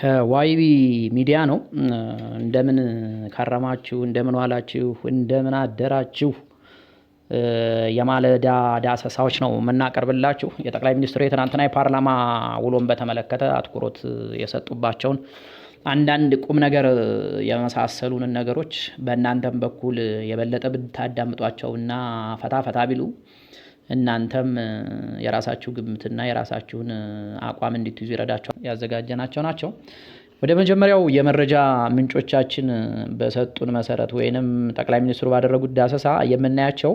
ከዋይቢ ሚዲያ ነው። እንደምን ከረማችሁ፣ እንደምን ዋላችሁ፣ እንደምን አደራችሁ የማለዳ ዳሰሳዎች ነው የምናቀርብላችሁ። የጠቅላይ ሚኒስትሩ የትናንትና የፓርላማ ውሎን በተመለከተ አትኩሮት የሰጡባቸውን አንዳንድ ቁም ነገር የመሳሰሉንን ነገሮች በእናንተም በኩል የበለጠ ብታዳምጧቸውና ፈታ ፈታ ቢሉ እናንተም የራሳችሁ ግምትና የራሳችሁን አቋም እንድትይዙ ይረዳቸው ያዘጋጀናቸው ናቸው። ወደ መጀመሪያው የመረጃ ምንጮቻችን በሰጡን መሰረት ወይንም ጠቅላይ ሚኒስትሩ ባደረጉት ዳሰሳ የምናያቸው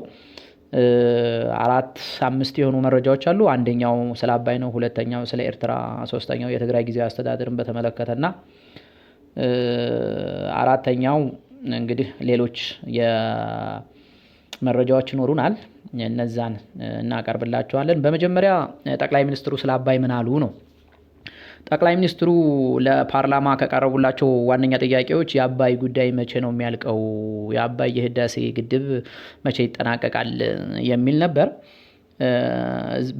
አራት አምስት የሆኑ መረጃዎች አሉ። አንደኛው ስለ አባይ ነው፣ ሁለተኛው ስለ ኤርትራ፣ ሶስተኛው የትግራይ ጊዜያዊ አስተዳደርን በተመለከተና አራተኛው እንግዲህ ሌሎች የመረጃዎች ይኖሩናል። እነዛን እናቀርብላቸዋለን በመጀመሪያ ጠቅላይ ሚኒስትሩ ስለ አባይ ምን አሉ ነው። ጠቅላይ ሚኒስትሩ ለፓርላማ ከቀረቡላቸው ዋነኛ ጥያቄዎች የአባይ ጉዳይ መቼ ነው የሚያልቀው፣ የአባይ የህዳሴ ግድብ መቼ ይጠናቀቃል የሚል ነበር።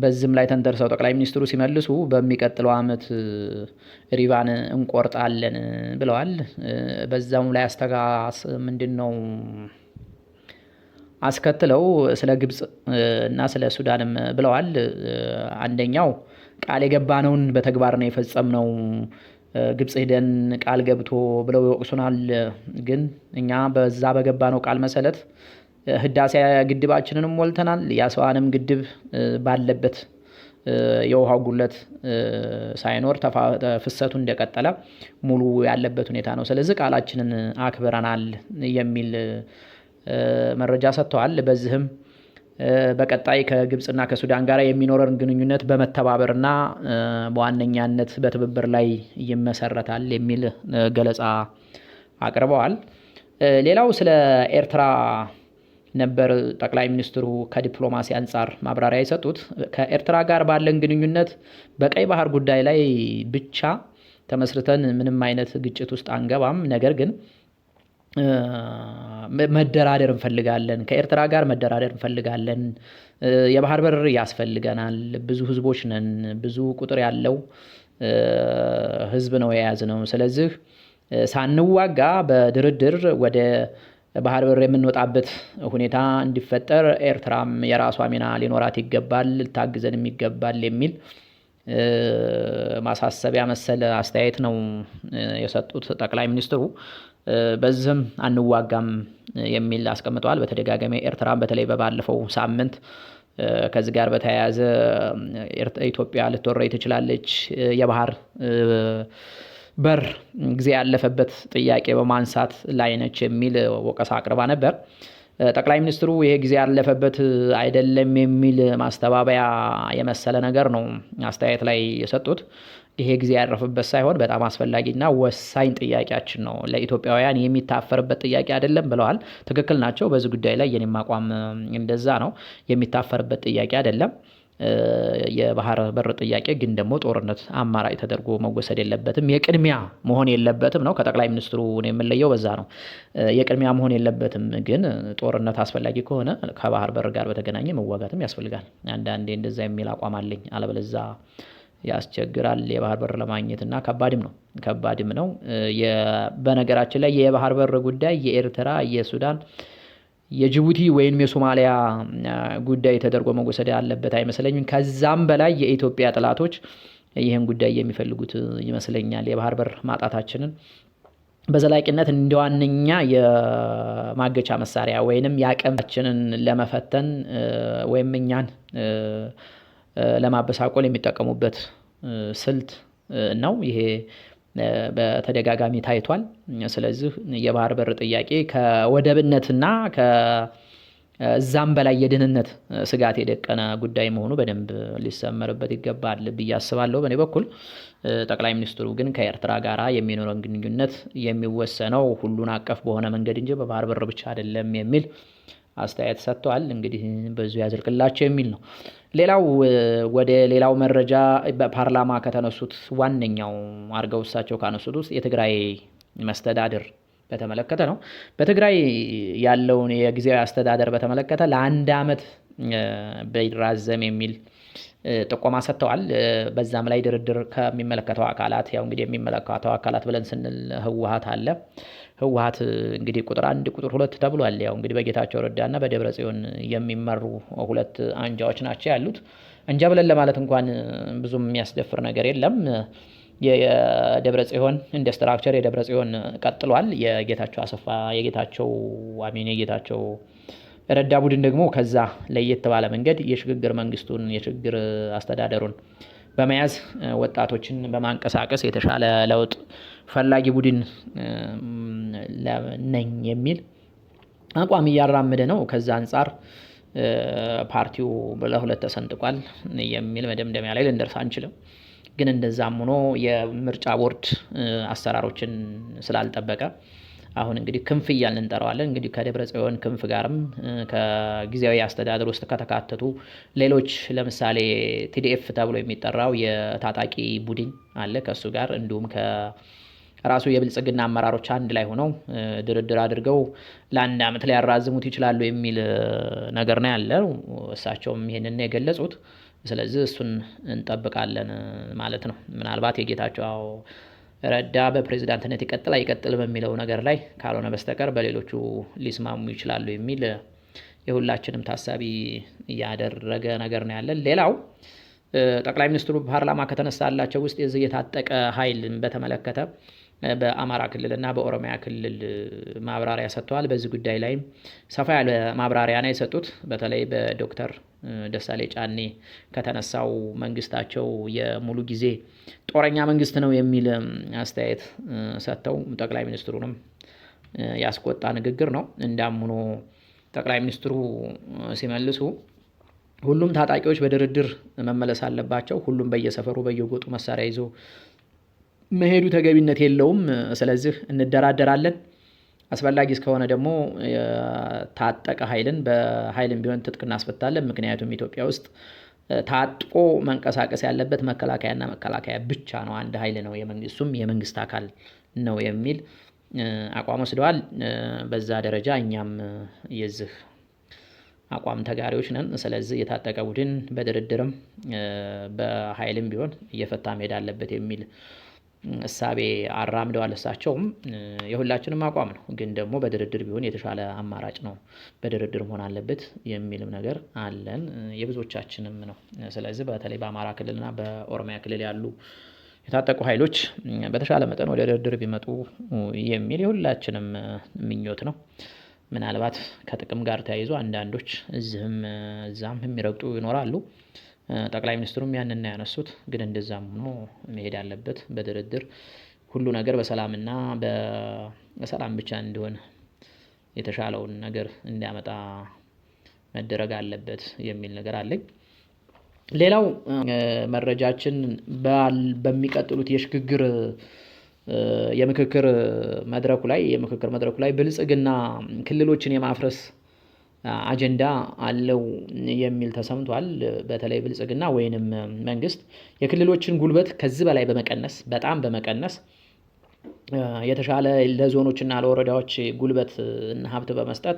በዚህም ላይ ተንተርሰው ጠቅላይ ሚኒስትሩ ሲመልሱ በሚቀጥለው ዓመት ሪባን እንቆርጣለን ብለዋል። በዛም ላይ አስተጋስ ምንድን ነው አስከትለው ስለ ግብፅ እና ስለ ሱዳንም ብለዋል። አንደኛው ቃል የገባነውን በተግባር ነው የፈጸምነው፣ ግብፅ ሄደን ቃል ገብቶ ብለው ይወቅሱናል። ግን እኛ በዛ በገባነው ቃል መሰረት ህዳሴ ግድባችንንም ሞልተናል። የአስዋንም ግድብ ባለበት የውሃው ጉለት ሳይኖር ፍሰቱ እንደቀጠለ ሙሉ ያለበት ሁኔታ ነው። ስለዚህ ቃላችንን አክብረናል የሚል መረጃ ሰጥተዋል። በዚህም በቀጣይ ከግብፅና ከሱዳን ጋር የሚኖረን ግንኙነት በመተባበርና በዋነኛነት በትብብር ላይ ይመሰረታል የሚል ገለጻ አቅርበዋል። ሌላው ስለ ኤርትራ ነበር ጠቅላይ ሚኒስትሩ ከዲፕሎማሲ አንጻር ማብራሪያ የሰጡት። ከኤርትራ ጋር ባለን ግንኙነት በቀይ ባህር ጉዳይ ላይ ብቻ ተመስርተን ምንም አይነት ግጭት ውስጥ አንገባም፣ ነገር ግን መደራደር እንፈልጋለን ከኤርትራ ጋር መደራደር እንፈልጋለን። የባህር በር ያስፈልገናል ብዙ ህዝቦች ነን ብዙ ቁጥር ያለው ህዝብ ነው የያዝ ነው። ስለዚህ ሳንዋጋ በድርድር ወደ ባህር በር የምንወጣበት ሁኔታ እንዲፈጠር ኤርትራም የራሷ ሚና ሊኖራት ይገባል ልታግዘንም ይገባል የሚል ማሳሰቢያ መሰል አስተያየት ነው የሰጡት ጠቅላይ ሚኒስትሩ። በዚህም አንዋጋም የሚል አስቀምጠዋል። በተደጋጋሚ ኤርትራን በተለይ በባለፈው ሳምንት ከዚህ ጋር በተያያዘ ኢትዮጵያ ልትወረይ ትችላለች፣ የባህር በር ጊዜ ያለፈበት ጥያቄ በማንሳት ላይ ነች የሚል ወቀሳ አቅርባ ነበር። ጠቅላይ ሚኒስትሩ ይሄ ጊዜ ያለፈበት አይደለም የሚል ማስተባበያ የመሰለ ነገር ነው አስተያየት ላይ የሰጡት። ይሄ ጊዜ ያረፈበት ሳይሆን በጣም አስፈላጊና ወሳኝ ጥያቄያችን ነው፣ ለኢትዮጵያውያን የሚታፈርበት ጥያቄ አይደለም ብለዋል። ትክክል ናቸው። በዚህ ጉዳይ ላይ የኔም አቋም እንደዛ ነው። የሚታፈርበት ጥያቄ አይደለም። የባህር በር ጥያቄ ግን ደግሞ ጦርነት አማራጭ ተደርጎ መወሰድ የለበትም የቅድሚያ መሆን የለበትም ነው። ከጠቅላይ ሚኒስትሩ የምለየው በዛ ነው። የቅድሚያ መሆን የለበትም ግን ጦርነት አስፈላጊ ከሆነ ከባህር በር ጋር በተገናኘ መዋጋትም ያስፈልጋል። አንዳንዴ እንደዛ የሚል አቋም አለኝ። አለበለዛ ያስቸግራል የባህር በር ለማግኘት እና ከባድም ነው ከባድም ነው። በነገራችን ላይ የባህር በር ጉዳይ የኤርትራ የሱዳን የጅቡቲ ወይም የሶማሊያ ጉዳይ ተደርጎ መወሰድ ያለበት አይመስለኝም። ከዛም በላይ የኢትዮጵያ ጠላቶች ይህን ጉዳይ የሚፈልጉት ይመስለኛል። የባህር በር ማጣታችንን በዘላቂነት እንደ ዋነኛ የማገቻ መሳሪያ ወይንም የአቅማችንን ለመፈተን ወይም እኛን ለማበሳቆል የሚጠቀሙበት ስልት ነው ይሄ በተደጋጋሚ ታይቷል። ስለዚህ የባህር በር ጥያቄ ከወደብነትና ከዛም በላይ የደህንነት ስጋት የደቀነ ጉዳይ መሆኑ በደንብ ሊሰመርበት ይገባል ብዬ አስባለሁ። በእኔ በኩል ጠቅላይ ሚኒስትሩ ግን ከኤርትራ ጋራ የሚኖረን ግንኙነት የሚወሰነው ሁሉን አቀፍ በሆነ መንገድ እንጂ በባህር በር ብቻ አይደለም የሚል አስተያየት ሰጥተዋል። እንግዲህ በዙ ያዝልቅላቸው የሚል ነው። ሌላው ወደ ሌላው መረጃ በፓርላማ ከተነሱት ዋነኛው አድርገው እሳቸው ካነሱት ውስጥ የትግራይ መስተዳድር በተመለከተ ነው። በትግራይ ያለውን የጊዜያዊ አስተዳደር በተመለከተ ለአንድ ዓመት ቢራዘም የሚል ጥቆማ ሰጥተዋል። በዛም ላይ ድርድር ከሚመለከተው አካላት ያው እንግዲህ የሚመለከተው አካላት ብለን ስንል ህወሀት አለ። ህወሀት እንግዲህ ቁጥር አንድ ቁጥር ሁለት ተብሏል። ያው እንግዲህ በጌታቸው ረዳና በደብረ ጽዮን የሚመሩ ሁለት አንጃዎች ናቸው ያሉት። እንጃ ብለን ለማለት እንኳን ብዙም የሚያስደፍር ነገር የለም። የደብረ ጽዮን እንደ ስትራክቸር የደብረ ጽዮን ቀጥሏል። የጌታቸው አሰፋ የጌታቸው አሚን የጌታቸው ረዳ ቡድን ደግሞ ከዛ ለየት ባለ መንገድ የሽግግር መንግስቱን የሽግግር አስተዳደሩን በመያዝ ወጣቶችን በማንቀሳቀስ የተሻለ ለውጥ ፈላጊ ቡድን ነኝ የሚል አቋም እያራመደ ነው። ከዛ አንጻር ፓርቲው ለሁለት ተሰንጥቋል የሚል መደምደሚያ ላይ ልንደርስ አንችልም። ግን እንደዛም ሆኖ የምርጫ ቦርድ አሰራሮችን ስላልጠበቀ አሁን እንግዲህ ክንፍ እያልን እንጠራዋለን። እንግዲህ ከደብረ ጽዮን ክንፍ ጋርም ከጊዜያዊ አስተዳደር ውስጥ ከተካተቱ ሌሎች ለምሳሌ ቲዲኤፍ ተብሎ የሚጠራው የታጣቂ ቡድን አለ ከእሱ ጋር እንዲሁም ራሱ የብልጽግና አመራሮች አንድ ላይ ሆነው ድርድር አድርገው ለአንድ ዓመት ሊያራዝሙት ይችላሉ የሚል ነገር ነው ያለው። እሳቸውም ይህንን የገለጹት። ስለዚህ እሱን እንጠብቃለን ማለት ነው። ምናልባት የጌታቸው ረዳ በፕሬዚዳንትነት ይቀጥል አይቀጥል በሚለው ነገር ላይ ካልሆነ በስተቀር በሌሎቹ ሊስማሙ ይችላሉ የሚል የሁላችንም ታሳቢ እያደረገ ነገር ነው ያለን። ሌላው ጠቅላይ ሚኒስትሩ ፓርላማ ከተነሳላቸው ውስጥ የዚህ የታጠቀ ኃይልን በተመለከተ በአማራ ክልል እና በኦሮሚያ ክልል ማብራሪያ ሰጥተዋል። በዚህ ጉዳይ ላይም ሰፋ ያለ ማብራሪያ ነው የሰጡት። በተለይ በዶክተር ደሳሌ ጫኔ ከተነሳው መንግስታቸው የሙሉ ጊዜ ጦረኛ መንግስት ነው የሚል አስተያየት ሰጥተው ጠቅላይ ሚኒስትሩንም ያስቆጣ ንግግር ነው። እንዳም ጠቅላይ ሚኒስትሩ ሲመልሱ ሁሉም ታጣቂዎች በድርድር መመለስ አለባቸው፣ ሁሉም በየሰፈሩ በየጎጡ መሳሪያ ይዞ መሄዱ ተገቢነት የለውም። ስለዚህ እንደራደራለን። አስፈላጊ እስከሆነ ደግሞ የታጠቀ ኃይልን በኃይልም ቢሆን ትጥቅ እናስፈታለን። ምክንያቱም ኢትዮጵያ ውስጥ ታጥቆ መንቀሳቀስ ያለበት መከላከያና መከላከያ ብቻ ነው። አንድ ኃይል ነው፣ እሱም የመንግስት አካል ነው የሚል አቋም ወስደዋል። በዛ ደረጃ እኛም የዚህ አቋም ተጋሪዎች ነን። ስለዚህ የታጠቀ ቡድን በድርድርም በኃይልም ቢሆን እየፈታ መሄድ አለበት የሚል እሳቤ አራምደዋል። እሳቸውም የሁላችንም አቋም ነው፣ ግን ደግሞ በድርድር ቢሆን የተሻለ አማራጭ ነው፣ በድርድር መሆን አለበት የሚልም ነገር አለን፣ የብዙዎቻችንም ነው። ስለዚህ በተለይ በአማራ ክልልና በኦሮሚያ ክልል ያሉ የታጠቁ ኃይሎች በተሻለ መጠን ወደ ድርድር ቢመጡ የሚል የሁላችንም ምኞት ነው። ምናልባት ከጥቅም ጋር ተያይዞ አንዳንዶች እዚህም እዛም የሚረግጡ ይኖራሉ። ጠቅላይ ሚኒስትሩም ያንን ያነሱት። ግን እንደዛም ሆኖ መሄድ አለበት በድርድር ሁሉ ነገር በሰላምና በሰላም ብቻ እንዲሆን የተሻለውን ነገር እንዲያመጣ መደረግ አለበት የሚል ነገር አለኝ። ሌላው መረጃችን በሚቀጥሉት የሽግግር የምክክር መድረኩ ላይ የምክክር መድረኩ ላይ ብልጽግና ክልሎችን የማፍረስ አጀንዳ አለው የሚል ተሰምቷል። በተለይ ብልጽግና ወይንም መንግስት የክልሎችን ጉልበት ከዚህ በላይ በመቀነስ በጣም በመቀነስ የተሻለ ለዞኖችና ለወረዳዎች ጉልበት እና ሀብት በመስጠት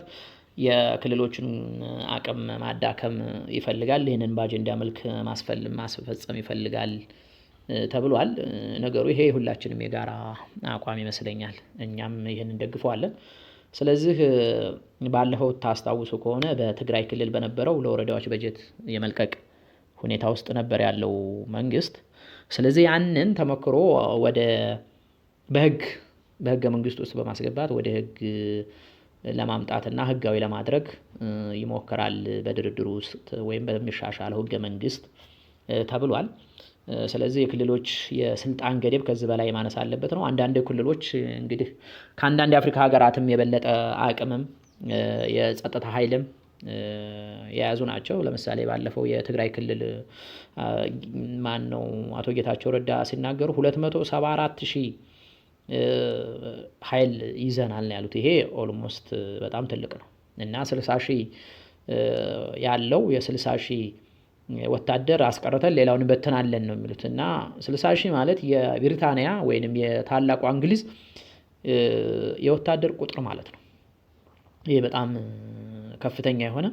የክልሎችን አቅም ማዳከም ይፈልጋል። ይህንን በአጀንዳ መልክ ማስፈል ማስፈጸም ይፈልጋል ተብሏል። ነገሩ ይሄ የሁላችንም የጋራ አቋም ይመስለኛል። እኛም ይህን እንደግፈዋለን። ስለዚህ ባለፈው ታስታውሱ ከሆነ በትግራይ ክልል በነበረው ለወረዳዎች በጀት የመልቀቅ ሁኔታ ውስጥ ነበር ያለው መንግስት። ስለዚህ ያንን ተሞክሮ ወደ በህግ በህገ መንግስት ውስጥ በማስገባት ወደ ህግ ለማምጣትና ህጋዊ ለማድረግ ይሞከራል በድርድሩ ውስጥ ወይም በሚሻሻለው ህገ መንግስት ተብሏል። ስለዚህ የክልሎች የስልጣን ገደብ ከዚህ በላይ ማነስ አለበት ነው። አንዳንድ ክልሎች እንግዲህ ከአንዳንድ የአፍሪካ ሀገራትም የበለጠ አቅምም የጸጥታ ኃይልም የያዙ ናቸው። ለምሳሌ ባለፈው የትግራይ ክልል ነው አቶ ጌታቸው ረዳ ሲናገሩ ሁለት መቶ ሰባ አራት ሺህ ኃይል ይዘናል ነው ያሉት። ይሄ ኦልሞስት በጣም ትልቅ ነው እና ስልሳ ሺህ ያለው የስልሳ ሺህ ወታደር አስቀርተን ሌላውን እንበትናለን ነው የሚሉት እና ስልሳ ሺህ ማለት የብሪታንያ ወይንም የታላቁ እንግሊዝ የወታደር ቁጥር ማለት ነው። ይህ በጣም ከፍተኛ የሆነ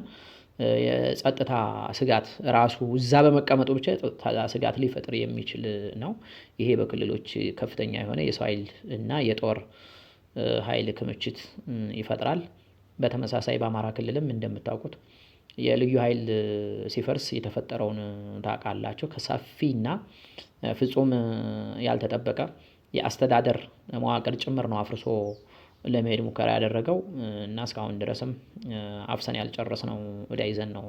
የጸጥታ ስጋት ራሱ እዛ በመቀመጡ ብቻ የጸጥታ ስጋት ሊፈጥር የሚችል ነው። ይሄ በክልሎች ከፍተኛ የሆነ የሰው ሀይል እና የጦር ሀይል ክምችት ይፈጥራል። በተመሳሳይ በአማራ ክልልም እንደምታውቁት የልዩ ኃይል ሲፈርስ የተፈጠረውን ታውቃላችሁ ከሰፊና ፍጹም ያልተጠበቀ የአስተዳደር መዋቅር ጭምር ነው አፍርሶ ለመሄድ ሙከራ ያደረገው እና እስካሁን ድረስም አፍሰን ነው እዳ ይዘን ነው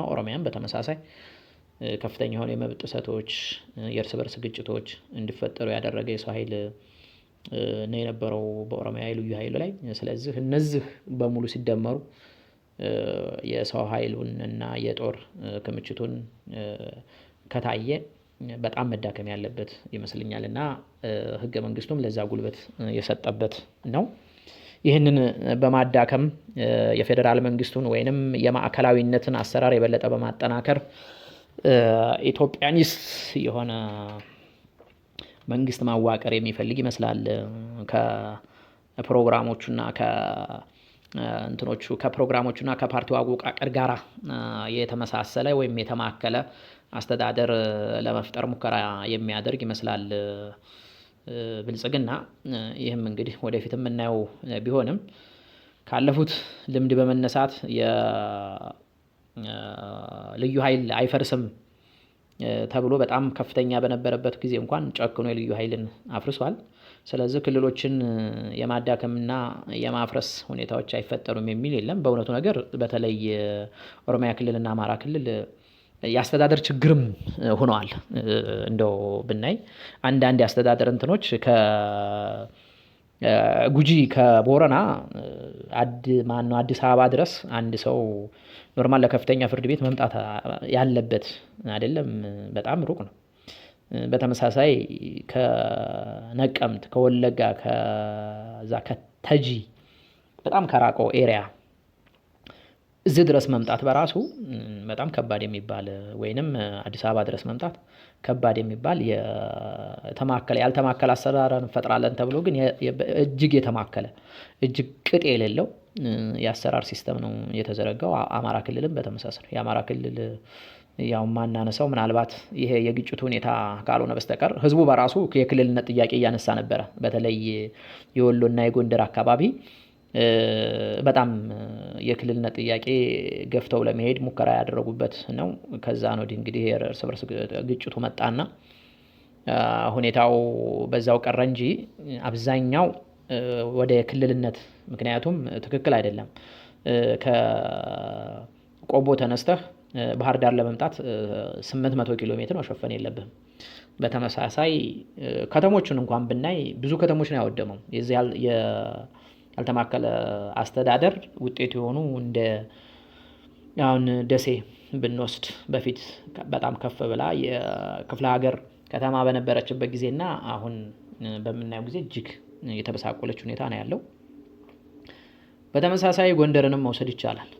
ነው። ኦሮሚያም በተመሳሳይ ከፍተኛ የሆኑ የመብት ጥሰቶች፣ የእርስ በርስ ግጭቶች እንዲፈጠሩ ያደረገ የሰው ኃይል ነው የነበረው በኦሮሚያ ልዩ ኃይሉ ላይ። ስለዚህ እነዚህ በሙሉ ሲደመሩ የሰው ሀይሉን እና የጦር ክምችቱን ከታየ በጣም መዳከም ያለበት ይመስለኛል እና ህገ መንግስቱም ለዛ ጉልበት የሰጠበት ነው። ይህንን በማዳከም የፌዴራል መንግስቱን ወይንም የማዕከላዊነትን አሰራር የበለጠ በማጠናከር ኢትዮጵያኒስት የሆነ መንግስት ማዋቀር የሚፈልግ ይመስላል። ከፕሮግራሞቹና እንትኖቹ ከፕሮግራሞቹና ከፓርቲው አወቃቀር ጋር የተመሳሰለ ወይም የተማከለ አስተዳደር ለመፍጠር ሙከራ የሚያደርግ ይመስላል ብልጽግና። ይህም እንግዲህ ወደፊት የምናየው ቢሆንም ካለፉት ልምድ በመነሳት የልዩ ኃይል አይፈርስም ተብሎ በጣም ከፍተኛ በነበረበት ጊዜ እንኳን ጨክኖ የልዩ ኃይልን አፍርሷል። ስለዚህ ክልሎችን የማዳከምና የማፍረስ ሁኔታዎች አይፈጠሩም የሚል የለም። በእውነቱ ነገር በተለይ ኦሮሚያ ክልልና አማራ ክልል የአስተዳደር ችግርም ሆነዋል። እንደው ብናይ አንዳንድ የአስተዳደር እንትኖች ከ ጉጂ ከቦረና ማነው አዲስ አበባ ድረስ አንድ ሰው ኖርማል ለከፍተኛ ፍርድ ቤት መምጣት ያለበት አይደለም። በጣም ሩቅ ነው። በተመሳሳይ ከነቀምት፣ ከወለጋ ከዛ ከተጂ በጣም ከራቀው ኤሪያ እዚህ ድረስ መምጣት በራሱ በጣም ከባድ የሚባል ወይንም አዲስ አበባ ድረስ መምጣት ከባድ የሚባል የተማከለ ያልተማከለ አሰራር እንፈጥራለን ተብሎ ግን እጅግ የተማከለ እጅግ ቅጥ የሌለው የአሰራር ሲስተም ነው የተዘረጋው። አማራ ክልልም በተመሳሳይ የአማራ ክልል ያው የማናነሳው ምናልባት ይሄ የግጭቱ ሁኔታ ካልሆነ በስተቀር ህዝቡ በራሱ የክልልነት ጥያቄ እያነሳ ነበረ። በተለይ የወሎና የጎንደር አካባቢ በጣም የክልልነት ጥያቄ ገፍተው ለመሄድ ሙከራ ያደረጉበት ነው። ከዛ ነው እንግዲህ እርስ በርስ ግጭቱ መጣና ሁኔታው በዛው ቀረ እንጂ አብዛኛው ወደ ክልልነት ምክንያቱም ትክክል አይደለም። ከቆቦ ተነስተህ ባህር ዳር ለመምጣት 800 ኪሎ ሜትር መሸፈን የለብህም። በተመሳሳይ ከተሞቹን እንኳን ብናይ ብዙ ከተሞችን ያወደመው። ያልተማከለ አስተዳደር ውጤት የሆኑ እንደ አሁን ደሴ ብንወስድ በፊት በጣም ከፍ ብላ የክፍለ ሀገር ከተማ በነበረችበት ጊዜና አሁን በምናየው ጊዜ እጅግ የተበሳቆለች ሁኔታ ነው ያለው። በተመሳሳይ ጎንደርንም መውሰድ ይቻላል።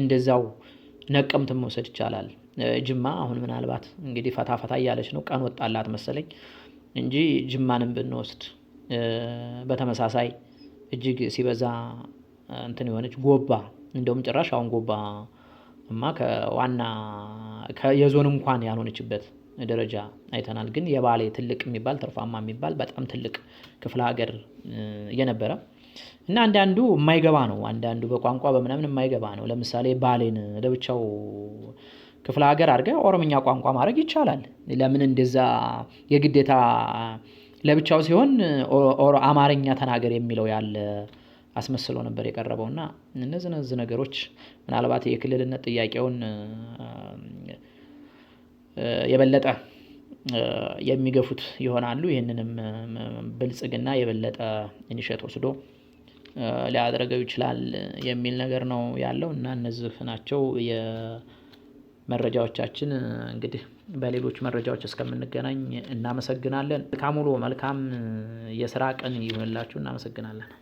እንደዛው ነቀምትን መውሰድ ይቻላል። ጅማ አሁን ምናልባት እንግዲህ ፈታ ፈታ እያለች ነው፣ ቀን ወጣላት መሰለኝ እንጂ ጅማንም ብንወስድ በተመሳሳይ እጅግ ሲበዛ እንትን የሆነች ጎባ እንደውም ጭራሽ አሁን ጎባ እማ ከዋና የዞን እንኳን ያልሆነችበት ደረጃ አይተናል። ግን የባሌ ትልቅ የሚባል ትርፋማ የሚባል በጣም ትልቅ ክፍለ ሀገር የነበረ እና አንዳንዱ የማይገባ ነው። አንዳንዱ በቋንቋ በምናምን የማይገባ ነው። ለምሳሌ ባሌን ለብቻው ክፍለ ሀገር አድርገ ኦሮምኛ ቋንቋ ማድረግ ይቻላል። ለምን እንደዛ የግዴታ ለብቻው ሲሆን አማርኛ ተናገር የሚለው ያለ አስመስሎ ነበር የቀረበው እና እነዚህ እነዚህ ነገሮች ምናልባት የክልልነት ጥያቄውን የበለጠ የሚገፉት ይሆናሉ። ይህንንም ብልጽግና የበለጠ ኢኒሼት ወስዶ ሊያደርገው ይችላል የሚል ነገር ነው ያለው እና እነዚህ ናቸው። መረጃዎቻችን እንግዲህ በሌሎች መረጃዎች እስከምንገናኝ እናመሰግናለን። መልካም ውሎ፣ መልካም የስራ ቀን ይሁንላችሁ። እናመሰግናለን።